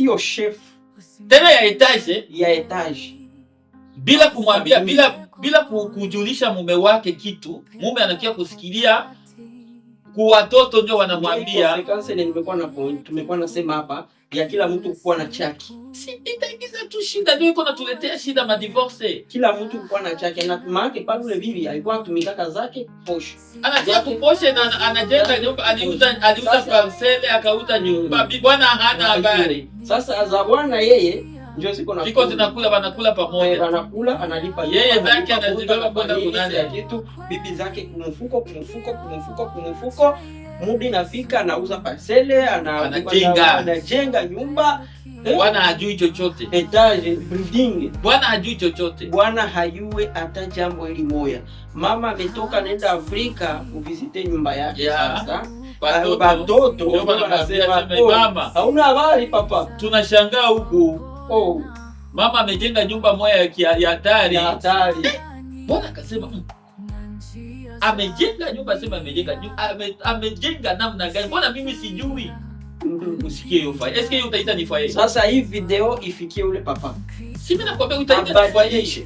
sio chef tena ya etage ya etage, bila kumwambia, bila bila kujulisha mume wake kitu. Mume anakia kusikilia kuwatoto ndio wanamwambia. Tumekuwa nasema hapa ya kila mtu kuwa na chaki, si itaingiza tu shida, ndio iko natuletea shida ma divorce. Kila mtu kuwa na chaki, na maana pale yule bibi alikuwa anatumika kaka zake posho, anatia kuposhe na anajenga nyumba, aliuza aliuza parcel, akauza nyumba, bibi mm. bwana hana habari. Sasa za bwana yeye ndio siko na viko zinakula, wanakula pamoja, eh, anakula analipa yeye zake, anazibeba kwenda kulala kitu, bibi zake kumfuko kumfuko kumfuko kumfuko mudi nafika, anauza parcele, anajenga anajenga nyumba Bwana hajui chochote, etage building. Bwana hajui chochote, Bwana hajue hata jambo hili moya. Mama ametoka nenda Afrika kuvisite nyumba yake yeah. Sasa batoto oh, hauna habari papa, tunashangaa huku oh. Mama amejenga nyumba moya ya hatari. Eh, Bwana akasema mm, amejenga nyumba, sema amejenga ame, amejenga namna gani? Mbona mimi sijui? Usikie hiyo faya, eske hiyo utaita ni faya? Sasa hii video ifikie ule papa, si mimi nakwambia, utaita ni faya,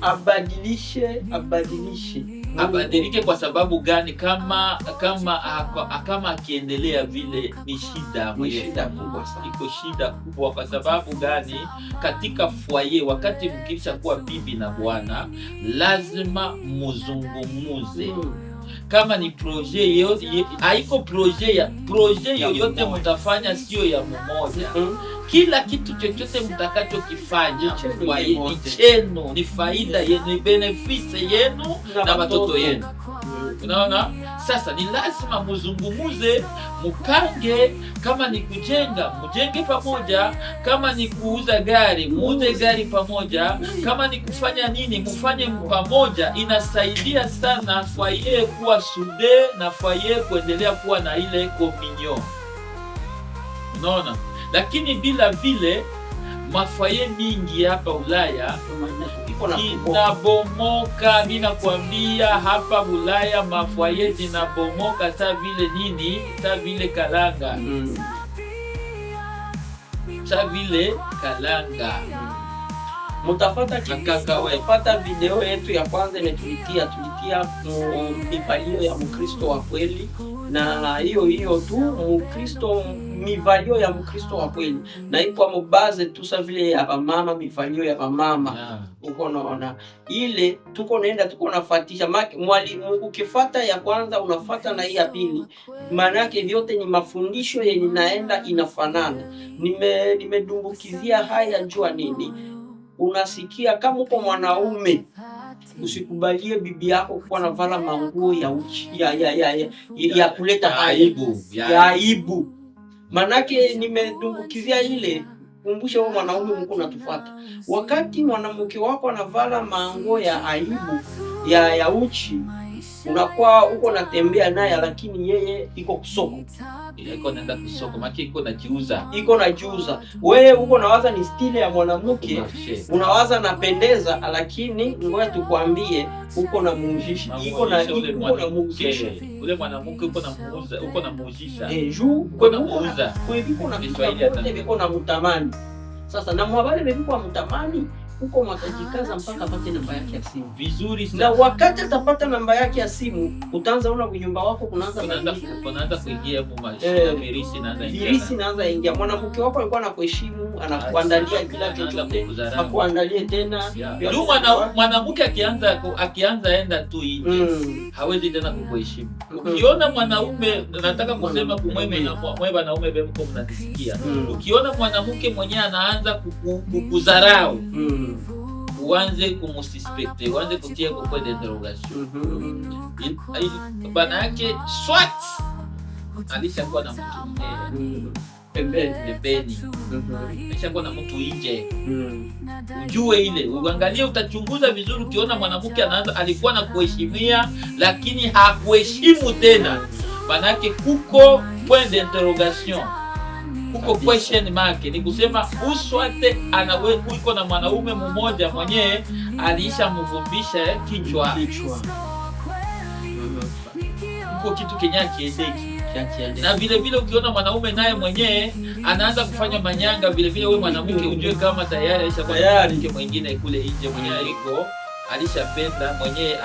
abadilishe, abadilishe abadilike. Kwa sababu gani? Kama kama kama kama akiendelea vile, ni shida, ni shida kubwa sana, iko shida kubwa. Kwa sababu gani? Katika foyer wakati mkisha kuwa bibi na bwana, lazima muzungumuze hmm kama ni proje yote haiko proje ya proje yoyote mtafanya, sio ya mmoja mm-hmm kila kitu chochote mtakachokifanya kwa ni chenu, ni faida yenu, ni benefisi yenu na watoto yenu. Unaona, sasa ni lazima muzungumuze, mupange. Kama ni kujenga, mujenge pamoja. Kama ni kuuza gari, muuze gari pamoja. Kama ni kufanya nini, mufanye pamoja. Inasaidia sana fwaye kuwa sude na fwaye kuendelea kuwa na ile kominyo. Unaona lakini bila vile mafaye mingi hapa Ulaya inabomoka. nakwambia hapa Ulaya mafaye zinabomoka sa vile nini, sa vile kalanga mm. sa vile kalanga Mutafata kakawepata video yetu ya kwanza imetulikia tulikia mipalio ya Mkristo wa kweli, na hiyo hiyo tu Mkristo mivalio ya Mkristo wa kweli na ipo tu tusa vile ya mama mivalio ya mama yeah. Uko naona ile tuko naenda tuko nafuatisha mwalimu, ukifata ya kwanza unafata na hii ya pili, yake vyote ni mafundisho yenye naenda inafanana. Nime nimedumbukizia haya jua nini, unasikia kama uko mwanaume usikubalie bibi yako kuwa navala manguo ya, ya, ya, ya, ya, ya kuleta aibu ya aibu Manake nimedungukizia ile kumbusha huyo mwanaume, Mungu natufuata. Wakati mwanamke wako anavala mango ya aibu ya ya uchi unakuwa uko natembea naye, lakini yeye iko kusoko, iko naenda kusoko, maki iko najiuza, iko najiuza. Wewe uko nawaza ni stile ya mwanamke, unawaza napendeza, lakini ngoja tukwambie, uko na muujisha, iko na muuzisha ule mwanamke, uko na muujisha uko na muujisha juu kwevikona viko na mtamani. Sasa na mwabale kwa mtamani huko mwatajikaza mpaka apate namba yake ya simu vizuri sana. Na wakati atapata namba yake ya simu, utaanza ona kunyumba wako kunaanza kuingia hapo mashida, eh, virisi naanza ingia, ingia. Mwanamke wako alikuwa anakuheshimu, anakuandalia kila chochote, akuandalie tena. Ndio mwanamke akianza akianza enda tu nje, mm. hawezi tena kukuheshimu. Mm. Ukiona mwanaume, nataka kusema kumweme mm. na mwe wanaume bemko, mnasikia, ukiona mwanamke mwenyewe anaanza kukuzarau Hmm. uanze kumususpekte, uanze kutia kwa interrogation bana mm-hmm. yake swat alishakuwa na mtu eh, pembeni, mm-hmm. alishakuwa na mtu nje. Mm-hmm. Ujue ile uangalie, utachunguza vizuri. Ukiona mwanamke anaanza, alikuwa na kuheshimia lakini hakuheshimu tena, bana ake kuko point d'interrogation huko question mark ni kusema Uswate anawe kuiko na mwanaume mmoja mwenyewe aliisha mvumbisha kichwa huko, kitu kenye akiendeki na vile vile ukiona mwanaume naye mwenyewe anaanza kufanya manyanga vile vile, wewe mwanamke ujue kama tayari aishamke mwingine kule nje mwenye aliko alishapenda mwenyewe,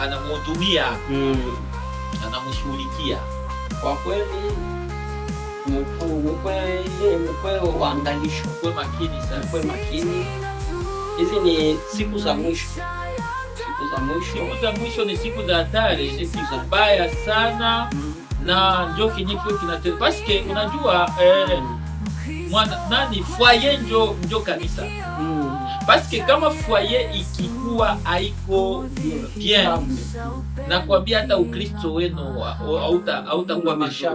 anamuhudumia anamu, mm. anamushughulikia kwa kweli uangalisho, ukuwe makini sana, ukuwe makini. Hizi ni siku za mwisho, siku za mwisho, siku za mwisho ni siku za hatari, siku za mbaya sana mm -hmm na njo kinyikio kinate paske unajua eh, mwana, nani foyer njo njo kanisa mm. Paske kama foyer ikikuwa haiko bien Nakwambia hata Ukristo wenu hautakuwa vizuri,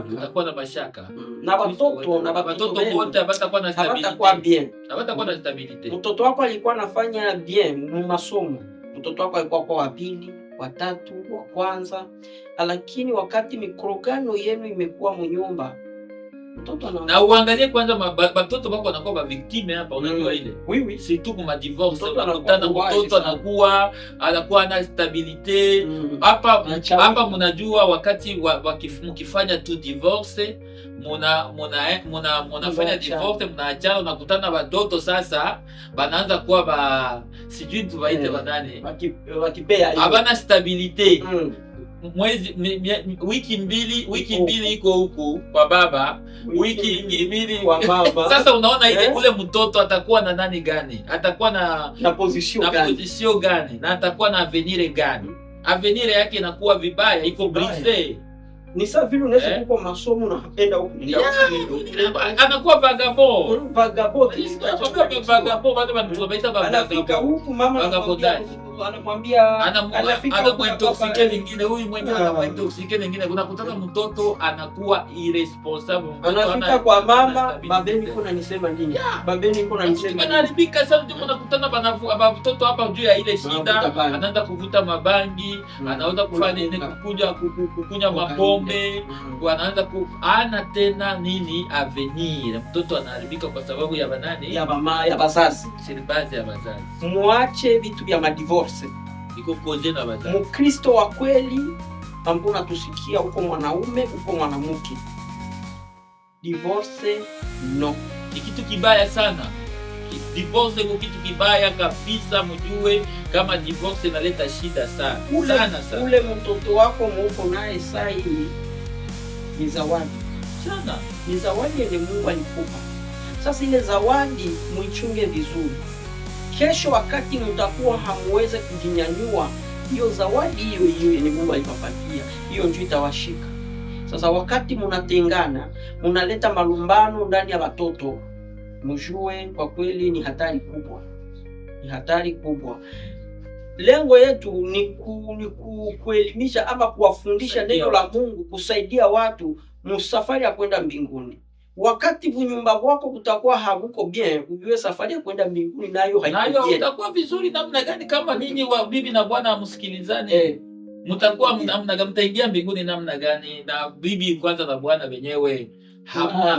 utakuwa na mashaka na watoto na watoto wote hawatakuwa na stabilite, hawatakuwa na stabilite. Mtoto wako alikuwa anafanya bien mu masomo, mtoto wako alikuwa kwa wapili, watatu, wa kwanza, lakini wakati mikorogano yenu imekuwa mnyumba na uangalie kwanza batoto bako wanakuwa ba victime hapa, unajua mm. ile surtout kwa divorce, unakutana mtoto anakuwa anakuwa mm. na stabilite hapa hapa. Mnajua wakati mkifanya tu divorce, munafanya divorce, mnaachana, unakutana watoto sasa banaanza kuwa ba sijui tuwaite banane, mm. habana stabilite mwezi wiki mbili wiki mbili iko huku kwa baba, wiki mbili kwa mama. Sasa unaona ile eh? ule mtoto atakuwa na nani gani, atakuwa na na position gani? na position gani, na atakuwa na avenire gani? Avenire yake inakuwa vibaya, iko brise ni saa vile unaweza eh, kuko masomo na hapenda huko anakuwa vagabond vagabond, vagabond, watu wanaita vagabond, huku mama vagabond anamwambia anamuintoxike lingine, huyu mwenyewe anamuintoxike lingine. Unakuta mtoto anakuwa irresponsible, anafika kwa mama, babeni kuna nisema nini? Babeni kuna nisema nini? Anaharibika sana. Ndio unakutana bana mtoto hapa juu ya ile shida, anaanza kuvuta mabangi, mm. anaanza kufanya nini, kukuja kukunya mapombe, anaanza ku ana tena nini avenir. Mtoto anaharibika kwa sababu ya banani ya mama ya bazazi, silibazi ya bazazi. Muache vitu vya madivorce universe iko koze na baza. Mkristo wa kweli ambao natusikia uko mwanaume uko mwanamke, divorce no, ni kitu kibaya sana. Divorce ni kitu kibaya kabisa, mjue kama divorce inaleta shida sana ule, sana, sana. Ule mtoto wako muko naye sai ni zawadi sana, ni zawadi yenye Mungu alikupa. Sasa ile zawadi muichunge vizuri kesho wakati mtakuwa hamuweze kujinyanyua, hiyo zawadi hiyo hiyo yenye Mungu alipapatia hiyo ndio itawashika. Sasa wakati munatengana, munaleta malumbano ndani ya watoto, mjue kwa kweli ni hatari kubwa, ni hatari kubwa. Lengo yetu ni, ku, ni kuelimisha ama kuwafundisha neno la Mungu, kusaidia watu msafari ya kwenda mbinguni. Wakati bunyumba kwako kutakuwa habuko bien, ujue safari ya kwenda mbinguni nayo haiko Utakuwa vizuri namna gani kama ninyi wa bibi na bwana msikilizane eh? Mtakuwa gani? mtaingia mbinguni namna gani? Na bibi kwanza na bwana wenyewe ah,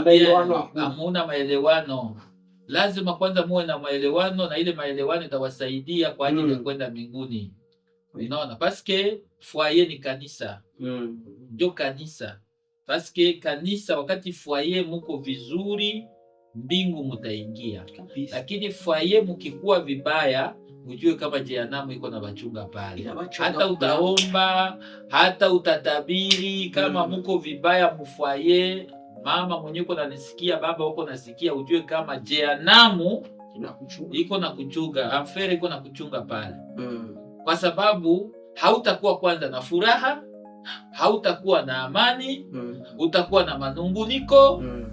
hamuna maelewano. Lazima kwanza muwe na maelewano, na ile maelewano itawasaidia kwa ajili ya mm. kwenda mbinguni. Mm. Unaona, paske fwaye ni kanisa mm. ndio mm. kanisa Paske kanisa wakati foyer muko vizuri, mbingu mutaingia, lakini foyer mukikuwa vibaya, mujue kama jehanamu iko na bachunga pale. Hata utaomba hata utatabiri, kama mm. muko vibaya mufwaye, mama mwenye uko nanisikia, baba uko nasikia, ujue kama jehanamu iko na kuchunga, amfere iko na kuchunga pale, mm. kwa sababu hautakuwa kwanza na furaha hautakuwa na amani mm. Utakuwa na manunguniko mm.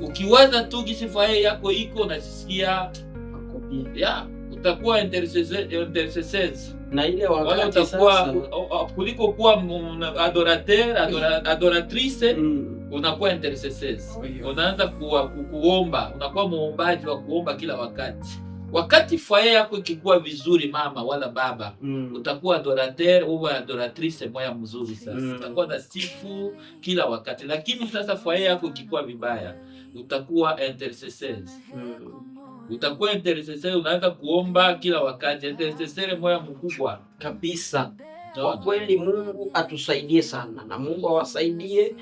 Ukiwaza tu gisi faye yako iko unajisikia yeah. Utakuwa intercessors na ile wakati utakuwa kuliko kuwa adorateur adoratrice mm. Unakuwa intercessors, unaanza kuomba, unakuwa muombaji wa kuomba kila wakati. Wakati foyer yako ikikuwa vizuri, mama wala baba mm. utakuwa adorateur uwa adoratrice moya mzuri sasa mm. utakuwa na sifu kila wakati, lakini sasa foyer yako ikikuwa vibaya, utakuwa intercesseur mm utakuwa intercessor, unaanza kuomba kila wakati, intercessor moya mkubwa kabisa. Kwa kweli, Mungu atusaidie sana na Mungu awasaidie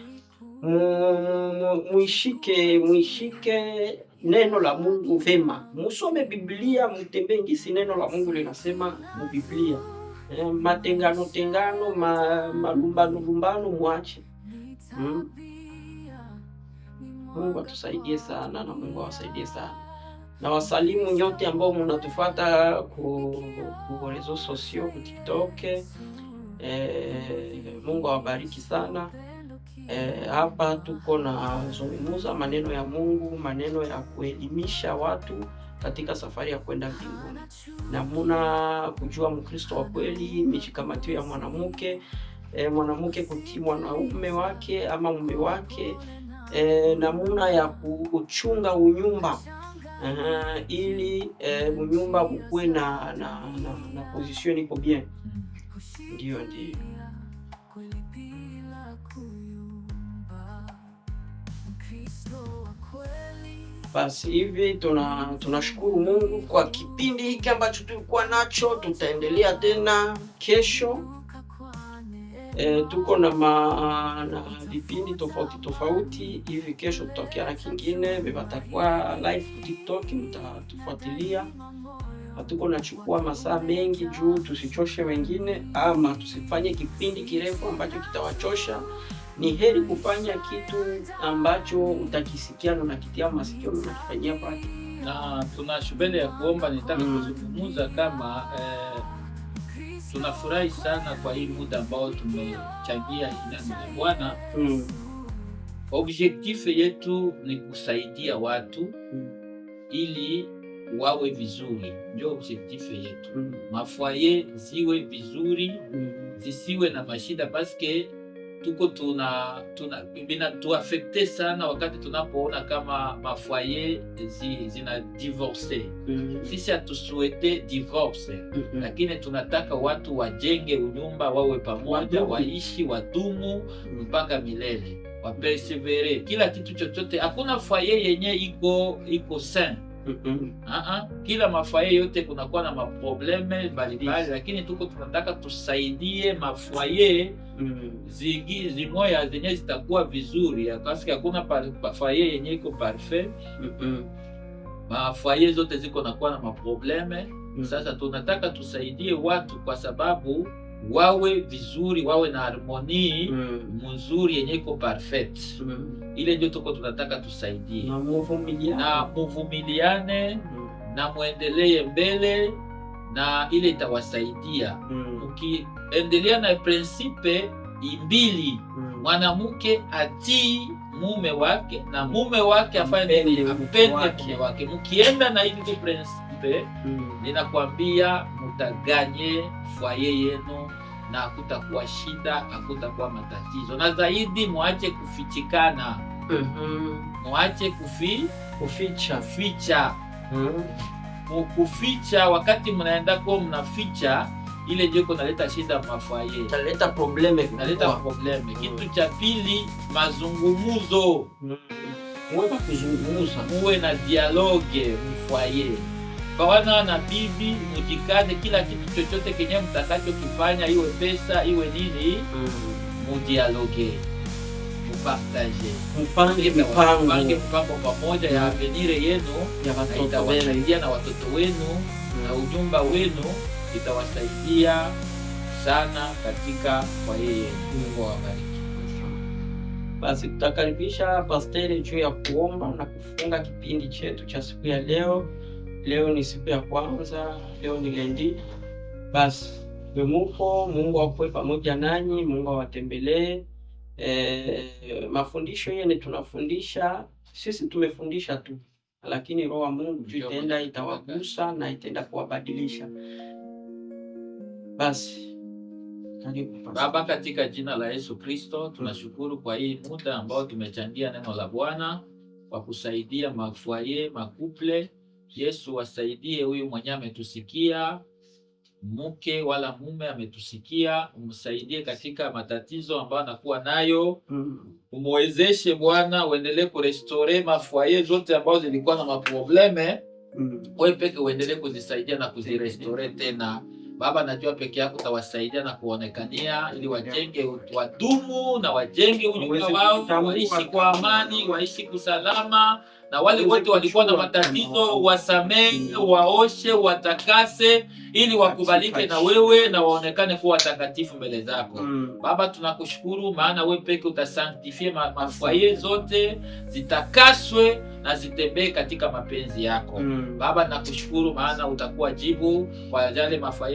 muishike muishike neno la Mungu vema, musome Biblia, mutembee ngisi neno la Mungu linasema mu Biblia. E, matengano tengano ma, malumbano lumbano mwache. Hmm. Mungu atusaidie sana na Mungu awasaidie sana na wasalimu nyote ambao munatufata ku, ku reseaux ku TikTok. E, Mungu awabariki sana. Eh, hapa tuko nazungumza maneno ya Mungu, maneno ya kuelimisha watu katika safari ya kwenda mbinguni, namuna kujua Mkristo wa kweli, mishikamatio ya mwanamke eh, mwanamke kutii mwanaume wake ama mume wake e, eh, namuna ya kuchunga unyumba -huh, ili eh, unyumba mukuwe na, na, na, na position iko bien, ndio ndio. Basi hivi tuna tunashukuru Mungu kwa kipindi hiki ambacho tulikuwa nacho, tutaendelea tena kesho. E, tuko na ma, na vipindi tofauti tofauti hivi. Kesho tutakia na kingine vivatakuwa live TikTok, mtatufuatilia. Hatuko nachukua masaa mengi juu tusichoshe wengine ama tusifanye kipindi kirefu ambacho kitawachosha ni heri kufanya kitu ambacho utakisikia na unakitia masikio na unakifanyia kwake. Na tuna shubele ya kuomba, nitaka mm. kuzungumza kuzungumuza kama eh, tunafurahi sana kwa hii muda ambao tumechangia inani ya Bwana mm. objektifu Objektif yetu ni kusaidia watu mm. ili wawe vizuri, ndio objektif yetu mm. ziwe vizuri zisiwe na mashida paske tuko tuna, tuna, bina, tuafekte sana wakati tunapoona kama mafwaye zi, zina divorce mm -hmm. Sisi hatusuete divorce mm -hmm. Lakini tunataka watu wajenge unyumba wawe pamoja Waishi wadumu mhm. mpaka milele wapersevere kila kitu chochote. Hakuna foye yenye iko iko sain Uh -uh. Kila mafaye yote kunakuwa na maprobleme mbalimbali, lakini tuko tunataka tusaidie mafaye mm. zingi zimoya zenye zitakuwa vizuri akasi, hakuna mafaye yenye iko parfait Mafaye zote ziko nakuwa na maprobleme mm. Sasa tunataka tusaidie watu kwa sababu wawe vizuri, wawe na harmoni mm. mzuri yenye iko parfait mm. Ile ndio tuko tunataka tusaidie na muvumiliane, na muvumiliane mm. muendelee mbele na ile itawasaidia mm. Mukiendelea na prinsipe imbili mm. mwanamke atii mume wake na mume wake afanye apende mume wake, mukienda na hivi yoyote mm. Ninakwambia mutaganye fwaye yenu na akutakuwa shida, akutakuwa matatizo, na zaidi mwache kufichikana mm -hmm. Mwache kufi kuficha ficha mm. kuficha wakati mnaenda kwa mnaficha ile iko naleta shida mafwaye, naleta probleme, naleta probleme mm. Kitu cha pili mazungumuzo mm. Uwe na dialogue mfwaye Kawana na bibi, mujikaze kila kitu chochote kenye mtakachokifanya, iwe pesa iwe nini, mm. mudialoge mupartage, mupange mpango pamoja ya mm. avenire yenu, itawasaidia na watoto wenu mm. na ujumba wenu itawasaidia sana katika kwa yeye mm. Mungu awabariki. Basi tutakaribisha pasteri juu ya kuomba na kufunga kipindi chetu cha siku ya leo leo ni siku ya kwanza, leo ni lendi. Basi wemuko, Mungu akuwe pamoja nanyi, Mungu awatembelee. E, mafundisho yene tunafundisha sisi, tumefundisha tu, lakini roho ya Mungu juu itaenda itawagusa na itaenda kuwabadilisha. Basi Baba, katika jina la Yesu Kristo tunashukuru kwa hii muda ambao tumechangia neno la Bwana kwa kusaidia mafuaye makuple Yesu wasaidie, huyu mwenye ametusikia, mke wala mume ametusikia, umsaidie katika matatizo ambayo anakuwa nayo, mm. umwezeshe Bwana, uendelee kurestore mafwaye zote ambazo zilikuwa na maprobleme, mm. wewe peke uendelee kuzisaidia na kuzirestore tena Baba, najua peke yako utawasaidia na kuonekania, ili wajenge, wadumu na wajenge unyumba wao, waishi kwa amani, waishi kusalama, na wale wote walikuwa na matatizo wasamehe, mm. waoshe, watakase, ili wakubalike na wewe na waonekane kuwa watakatifu mbele zako. Mm. Baba, tunakushukuru maana wewe peke utasanktifie mafwaye zote zitakaswe na zitembee katika mapenzi yako. Mm. Baba, nakushukuru maana utakuwa jibu kwa yale mafwaye